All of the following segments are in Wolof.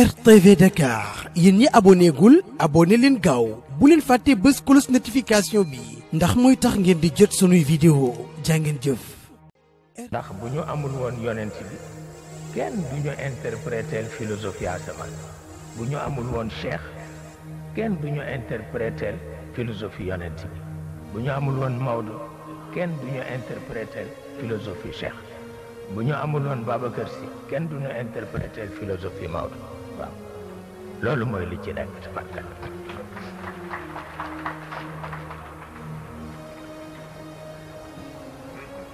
RTV Dakar yéen ñi aboneegul gul aboné leen gaaw bu leen fàtte bés close notification bi ndax mooy tax ngeen di jot sunuy vidéo jàngeen jëf. ndax bu ñu amul woon yonent bi kenn du ñu interpréter philosophie asamaan bu ñu amul woon cheikh kenn du ñu interpréter philosophie yonent bi bu ñu amul woon Maodo kenn du ñu interpréter philosophie cheikh bu ñu amul woon Babacar Sy kenn du ñu interpréter philosophie Maodo. loolu mooy li ci nekk ci bakkan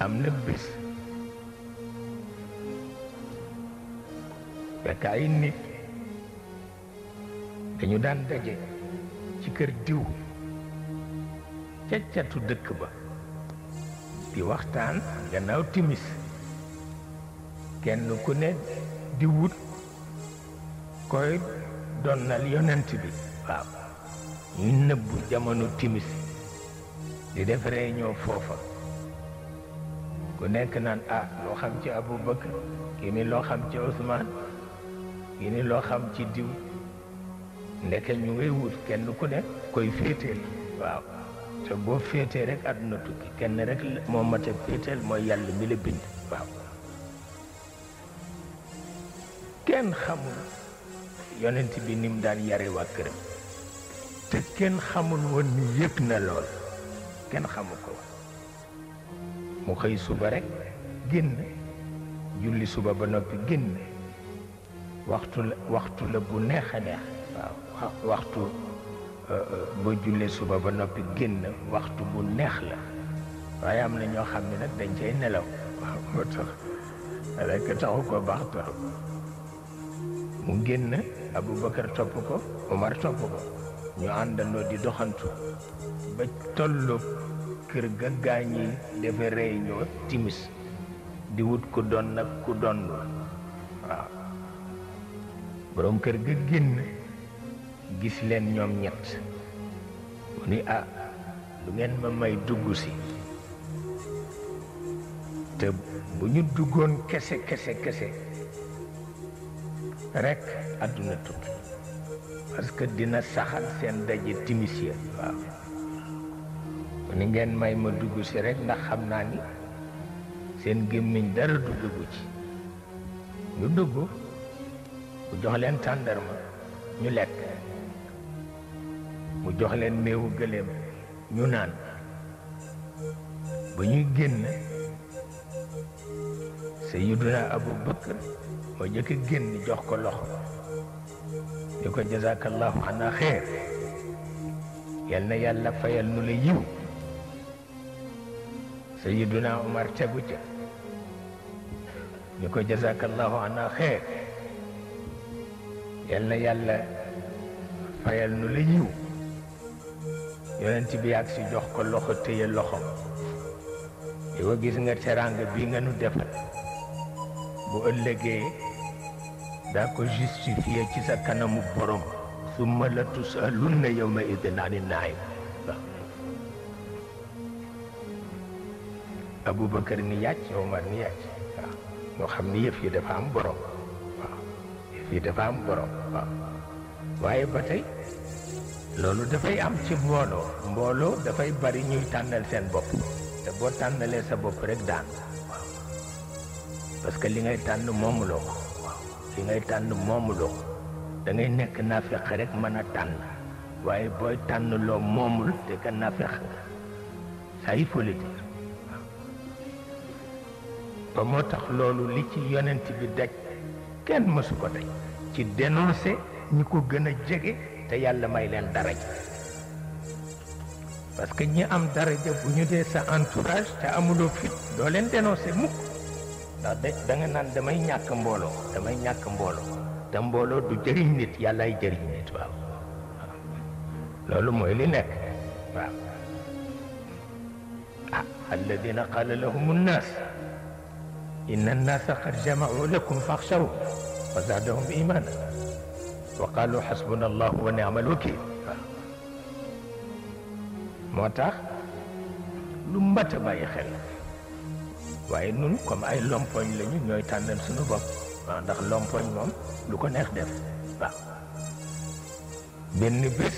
am na bis fekk nit dañu daan daje ci kër diw caccatu dëkk ba di waxtaan gannaaw timis kenn ku ne di wut koy donnal yonent bi waaw ñuy nëbbu jamono timis di def ñoo foofa ku nekk naan ah loo xam ci Aboubacar kii ni loo xam ci Ousmane kii ni loo xam ci diw ndeke ñu ngay kenn ku nekk koy féeteel waaw te boo féetee rek àdduna tukki kenn rek moo mat a féeteel mooy yàlla mi la bind kenn xamul yonent bi ni mu daan yare waa këram te kenn xamul woon ni yëg na lool kenn xamu ko mu xëy suba rek génn julli suba ba noppi génn waxtu la waxtu la bu neex a neex waaw waxtu euh, euh, boo jullee suba ba noppi génn waxtu bu neex la waaye am na ñoo xam ne nag dañ cay nelaw waaw moo tax rekk taxu ko baax torop mu génn aboubacar topp ko omar topp ko ñu àndandoo di doxantu ba toll kër ga gaañi defe réunion timis di wut ku doon nag ku doon la ha. waaw boroom kër ga génn gis leen ñoom ñett ni ah lu ngeen ma may dugg si te bu ñu duggoon kese kese kese rekk àdduna tukki parce que dina saxal seen daje timis ya waaw ni ngeen may ma dugg ci rekk ndax xam naa ni seen gémmiñ dara du dugg ci ñu dugg mu jox leen tàndarma ñu lekk mu jox leen meewu gëléem ñu naan ba ñuy génn Sayyiduna Abu Bakar وجاك الجن جوخ كل يكو جزاك الله عنا خير يلنا يلا فيلنو ليو سيدنا عمر تبوجا يكو جزاك الله عنا خير يلنا يلا فيلنو ليو يونتي بياك سي جوخ كل تي لخو يو غيس nga terang bi nga nu defal daa ko justifié ci sa kanamu borom summa la tusalunna yawma idin ma naim Aboubacar ni yàcc Omar ni yàcc waaw ñoo xam ni yëf yi dafa am borom yëf yi dafa am borom waaye ba tey loolu dafay am ci mbooloo mbooloo dafay bari ñuy tànnal seen bopp te boo tànnalee sa bopp rek daan parce que li ngay tànn moomuloo ko ki ngay tànn moomuloo ko da nekk naafeq rek mën a tànn waaye booy tànn loo moomul te ka naafeq nga ça il faut le ba moo tax loolu li ci yonent bi daj kenn mësu ko daj ci dénoncé ñi ko gën a jege te yàlla may leen daraja parce ñi am daraja bu ñu dee sa entourage te amuloo fit doo leen dénoncé mukk ndax da nga naan damay ñàkk mbooloo damay ñàkk mbooloo te mbooloo du jëriñ nit yàllaay jëriñ nit waaw loolu mooy li nekk waaw ah alladina qala lahum nnaas inna nnaasa qad jamau lakum faxshaw fa zaadahum imaana wa qaalu xasbuna allahu wa niamal wakiil waaw moo tax lu mbat a xel waaye nun comme ay lompoñ lañu ñooy tànnal suñu bopp waaw ndax lompoñ moom lu ko neex def waaw benn bés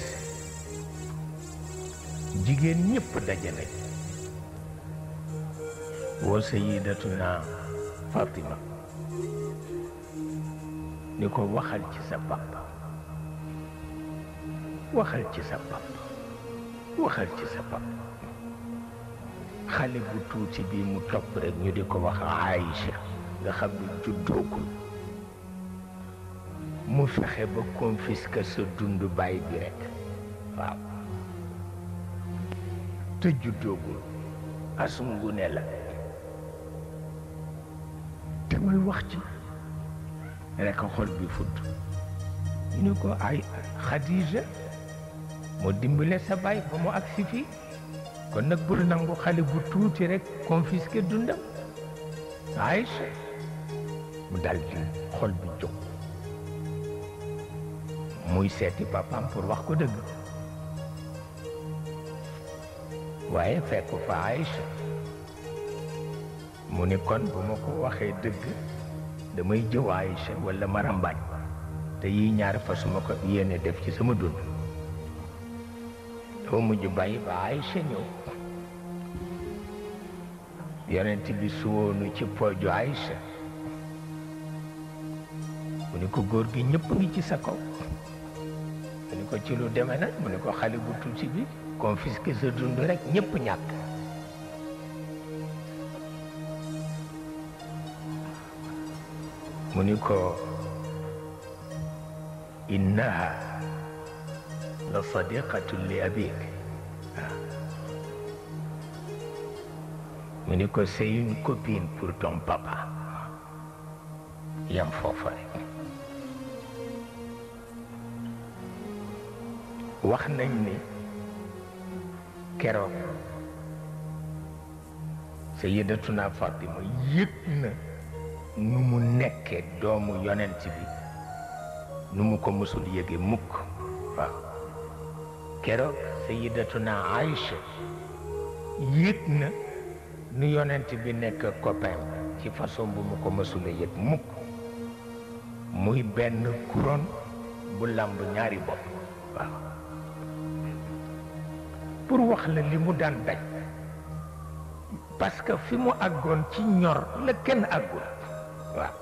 jigéen ñëpp daje nañ woo sayidatuna Fatima ni ko waxal ci sa papa waxal ci sa papa waxal ci sa papa xale bu tuuti bii mu topp rek ñu di ko wax Aïcha nga xam ne juddoogul mu fexe ba confisquer sa dundu baay bi rek waaw te juddoogul asum gu ne la demal wax ci rek xol bi fudd ñu ko ay Xadija moo dimbale sa baay ba mu agsi fii kon nag bul nangu xale bu tuuti rekk confisqué dundam Aïcha mu dal di xol bi jóg muy seeti papam wax ko dëgg waaye fekk fa Aïcha mu ni kon bu ma ko waxee dëgg damay jëw Aïcha wala marambaaj te yi ñaar fa suma ko yéene def ci sama dund dafa mujj bàyyi ba Aysa ñëw yonent bi suwoonu ci pooju Aysa mu ni ko góor gi ñëpp ngi ci sa kaw mu ni ko ci lu demee mu ni ko xale bu tuuti bi confisqué sa dund rek ñëpp ñàkk mu ni ko innaha la sadiqatul li abik mu ni ko c'est une copine pour ton papa yam foofa wax nañ ni keroog sayyidatuna Fatima yëg na nu mu nekkee doomu yonent bi nu mu ko mësul yëge mukk waaw keroog sayidatuna Aïcha yëg na nu yonent bi nekk copain ci façon bu mu ko mësula yëg mukk muy benn couronne bu làmb ñaari bopp pour wax la li mu daan daj parce que fi mu àggoon ci ñor la kenn àggul waaw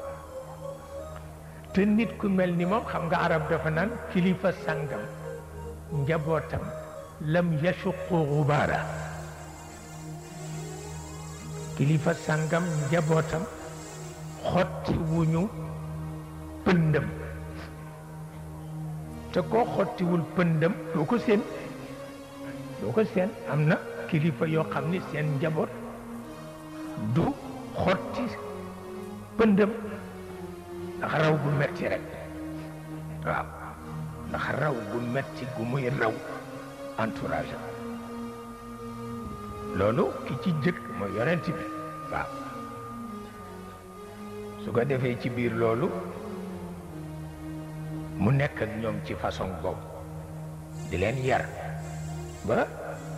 te nit ku mel ni moom xam nga arab dafa naan kilifa sàngam njabootam lam yasuqu gubaara kilifa sàngam njabootam xotti wuñu pëndëm te koo xottiwul pëndëm doo ko seen doo ko seen am na kilifa yoo xam ni seen njaboot du xotti pëndëm ndax raw bu metti rek waaw ndax raw bu metti gu muy raw entourage loolu ki ci jëkk mooy yonent bi su ko defee ci biir loolu mu nekk ñoom ci façon boobu di leen yar ba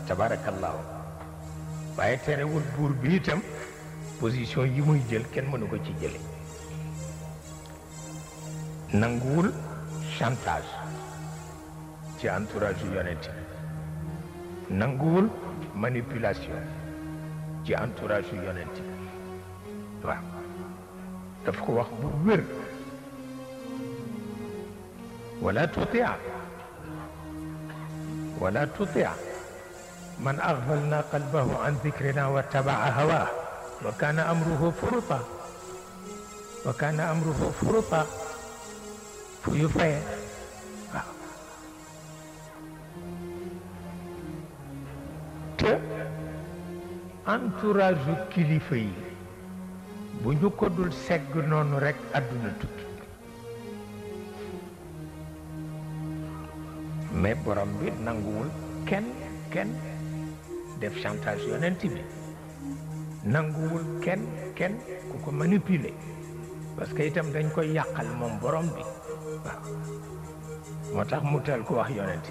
tabaarakallaahu waaye terewul buur bi itam position yi muy jël kenn mënu ko ci jële nanguwul chantage ci entourage yonent yi nangul manipulation ci entourage yonent yi wa daf ko wax bu wér ولا تطيع ولا تطيع من أغفلنا قلبه عن ذكرنا واتبع هواه وكان أمره فرطا وكان أمره فرطا فيفيد entourage kilifa yi bu ñu ko dul segg noonu rekk àdduna tukki mais borom bi nanguwul kenn kenn def chantage yonent nanguwul kenn kenn ku ko manipile parce que itam dañ koy yàqal moom borom bi moo tax mu teel ko wax yonent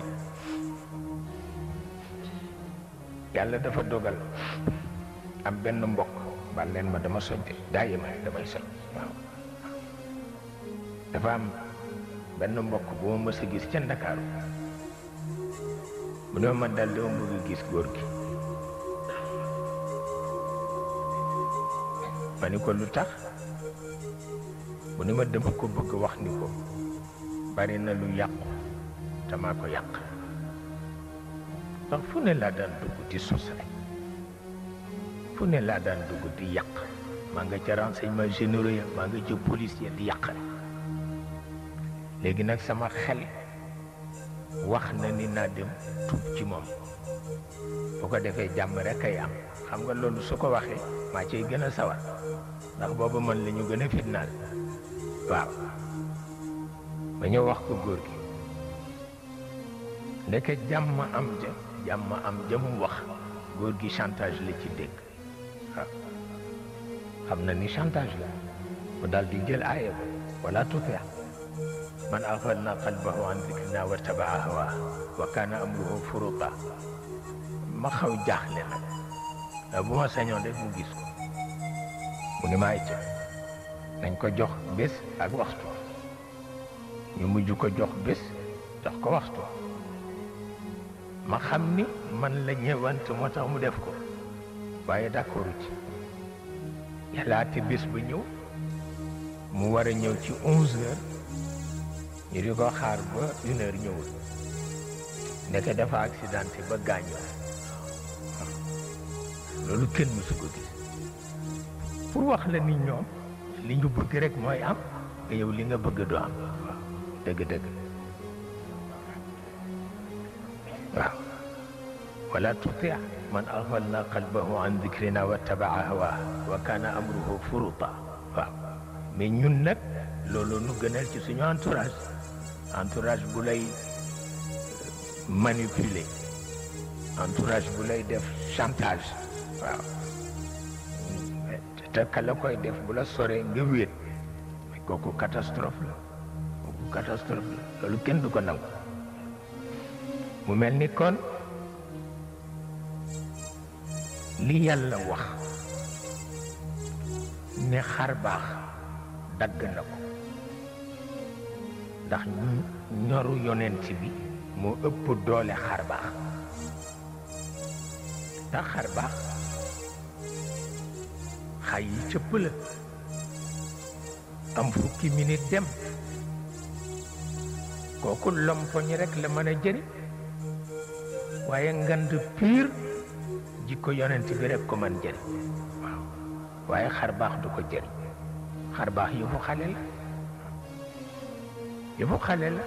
yàlla dafa dogal am benn mbokk bal ma dama soj de daa yema damay soj waaw dafa am benn mbokk bu ma mës gis ca Ndakaaru mu ne ma dal dama bëgg gis góor gi ma ni ko lu tax mu ne ma dama ko bëgg wax ni ko bari na lu yàqu te ko yàq ndax fu ne laa daan dugg di sos fu ne laa daan dugg di yàq maa nga ca renseignement généraux ya maa nga ca police ya di yàq léegi nag sama xel wax na ni naa dem tuub ci moom bu ko defee jàmm rek ay am xam nga loolu su ko waxee maa cay gën a sawar ndax booba man la ñu gën a fitnaal waaw ma ñëw wax ko góor gi ndeke jàmm am ja jàmm am ja mu wax góor gi chantage la ci dégg خمنني شانتاج لا ودال دي جل آيب ولا تطع من أغفلنا قلبه عن ذكرنا واتبع هواه وكان أمره فرطا ما خاو جاخلي نك أبوها سنيون دي مو بني mu ni maay ca nañ ko jox bés ak waxtu ñu mujj ko jox bés jox ko waxtu ma xam waaye d'accordu ci yàlla te bés ba ñëw mu war a ñëw ci onze heures ñu di ko xaar ba une heure ñëwul dafa accidenté ba gaañu loolu kenn mësu ko pour wax la ni ñoom li ñu bëgg rek mooy am nga yow li nga bëgg du am dëgg-dëgg waaw ولا تطع من أغفلنا قلبه عن ذكرنا واتبع هواه وكان أمره فرطا من ينك لولو نغنل كي سنو أنتراج أنتراج بولي مانيبولي أنتراج بولي دف شانتاج تكالكو دف بولا سوري نغوير كوكو كاتاستروف كوكو كاتاستروف لولو كندو كنن مو ملني كون li yàlla wax ne xar baax dagg na ko ndax ñoru yonent bi moo ëpp doole xar baax te xar baax xay yi am fukki minit dem kooku lom ñi rek la mën a jëri waaye ngand pire jikko yonent bi rek ko mën jëriñ waaw waaye xar baax du ko jëriñ xar baax yëfu xale la yëfu xale la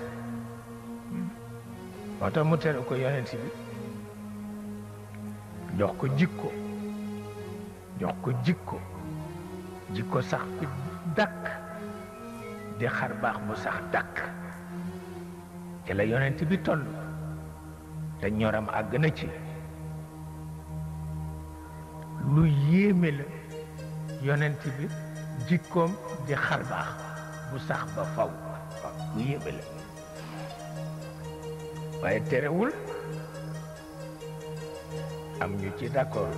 hmm. moo tax mu tere ko yonent bi jox ko jikko jox ko jikko jikko sax bi dàkk di xar baax bu sax dàkk ci la yonent bi toll te ñoram àgg na ci yéeme yonent bi jikkoom di xar baax bu sax ba faw waaw bu yéeme la waaye terewul am ñu ci d'accord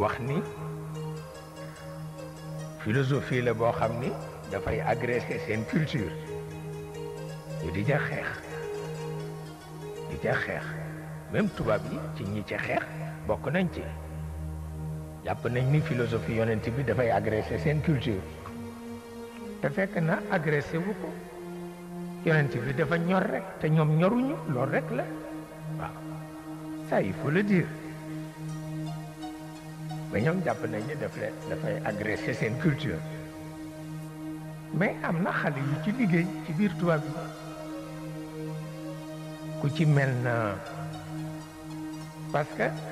wax ni philosophie la boo xam ni dafay agresser seen culture ñu di ca xeex di ca xeex même tubaab yi ci ñi ca xeex bokk nañ ci jàpp nañ ni philosophie yonent bi dafay agressé seen culture te fekk na agressé wu ko yonent bi dafa ñor rek te ñoom ñoruñu loolu rek la waaw ça il faut ba ñoom jàpp nañ ni daf leen dafay agressé seen culture mais am na xale yu ci liggéey ci biir tubaab yi ku ci mel na parce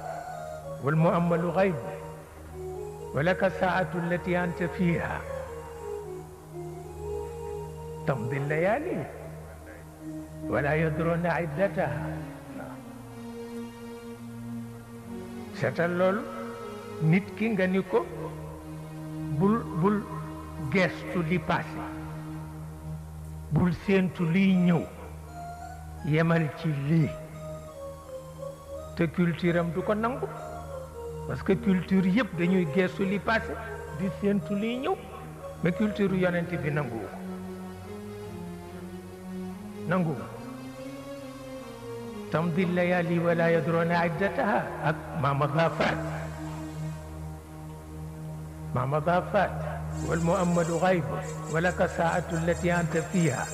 والمؤمل غيبه ولك الساعة التي أنت فيها تمضي الليالي ولا يدرون عدتها ستالول نيت كي غانيكو بول بول غيستو لي باسي بول سينتو لي نيو يمال تي لي تكولتيرام دوكو نانغو parce que culture yëpp dañuy geesu li passé di séentu liy ñëw mais culture yonent bi nangu ko nangu ko tamdi layali wala yadrona iddataha ak mama bafat mama bafat wal muhammadu ghaibu walaka saatu allati anta fiha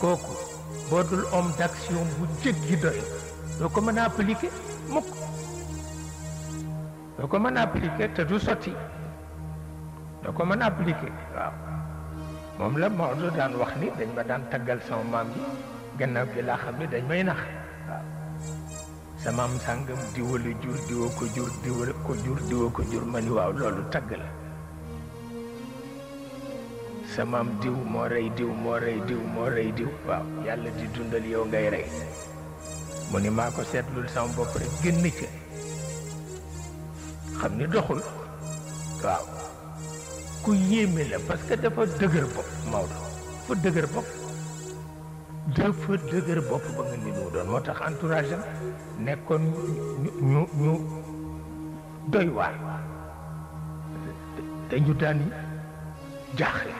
kooku boo dul homme d'action bu jéggi doy doo ko mën a appliquer mukk doo ko mën a te du sotti doo ko mën a appliqué waaw moom la Maodo daan wax ni dañ ma daan taggal sama maam ji gannaaw gi laa xam ne dañ may nax waaw sama maam sàngam diwala jur diwa ko jur diwala ko jur diwa ko jur ma ni waaw loolu tagg la sama maam diw moo rey diw moo rey diw moo rey diw waaw yàlla di dundal yow ngay rey mu ni maa ko seetlul sama bopp rek génn ca xam ni doxul waaw ku yéeme la parce que dafa dëgër bopp Maodo dafa dëgër bopp dafa dëgër bopp ba nga ni mu doon moo tax entourage am nekkoon ñu ñu ñu doy waar dañu daan jaaxle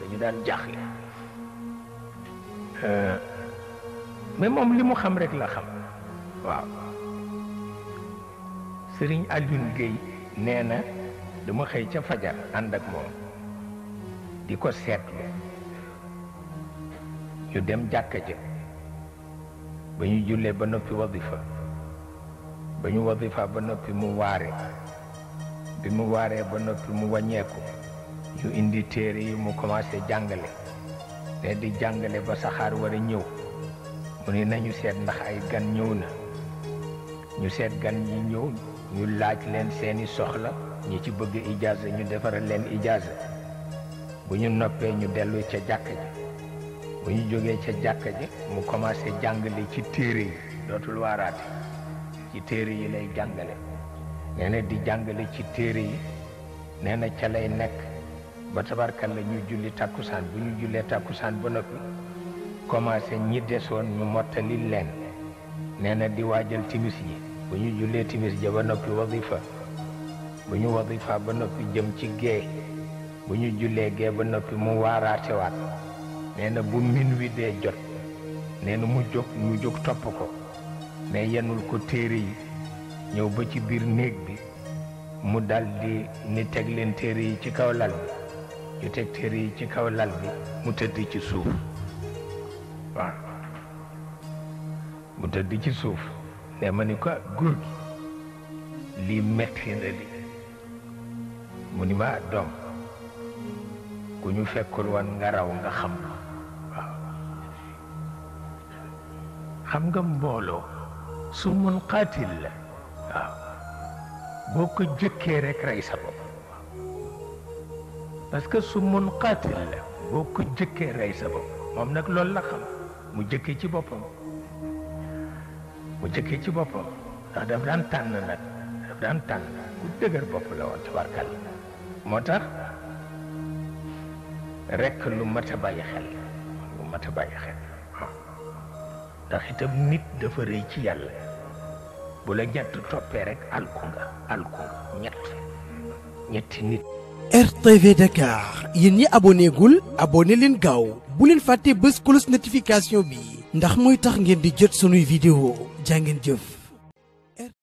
dañu daan jaaxle euh, mais moom li mu xam rek la xam waaw sëriñ Alioune Guèye nee na dama xëy ca fajar ànd ak moom di ko seetlu ñu dem jàkka ba ñu jullee ba noppi wadifa ba ñu wadifa ba noppi mu waare bi mu waaree ba noppi mu wàññeeku ñu indi téere yi mu commencé jàngale ne di jàngale ba saxaar war a ñëw mu ne nañu seet ndax ay gan ñëw na ñu seet gan yi ñëw ñu laaj leen seeni soxla ñi ci bëgg ijaaza ñu defaral leen ijaaza bu ñu noppee ñu dellu ca jàkka bu ñu jógee ca jàkka ji mu commencé jàngale ci téere yi dootul waaraate ci téere yi lay jàngale nee na di jàngale ci téere yi nee na ca lay nekk ba tabarkal la ñu julli tàkkusaan bu ñu jullee tàkkusaan ba noppi commencé ñi desoon ñu mottali leen nee na di waajal timis yi bu ñu jullee timis ja ba noppi wasifa bu ñu wasifa ba noppi jëm ci gee bu ñu julee gee ba noppi mu waaraatewaat nee na bu min wi dee jot nee mu jóg mu jóg topp ko ne yenul ko téere yi ñëw ba ci biir néeg bi mu dal ni teg leen yi ci kaw lal bi ñu teg yi ci kaw lal bi mu tëdd ci suuf waaw mu ci suuf mais ma ni ko góor gi lii metti na li mu ni ma doom ku ñu fekkul woon nga raw nga xam waaw xam nga mbooloo su mën xaatil la waaw boo ko jëkkee rek rey sa bopp parce que su mun xaatil la boo ko jëkkee rey sa bopp moom nag loolu la xam mu jëkkee ci boppam mu jëkkee ci boppam ndax daf daan tànn nag daf daan tànn ku dëgër bopp la woon tabarkal moo tax rekk lu mat a xel lu mat a bàyyi xel ndax itam nit dafa rëy ci yàlla bu la ñett toppee rek alku nga alku nga ñett ñetti nit RTV Dakar yéen ñi abonné gul leen gaaw bu leen fàttee bés cloche notification bi ndax mooy tax ngeen di jët sunuy vidéo Jangin jëf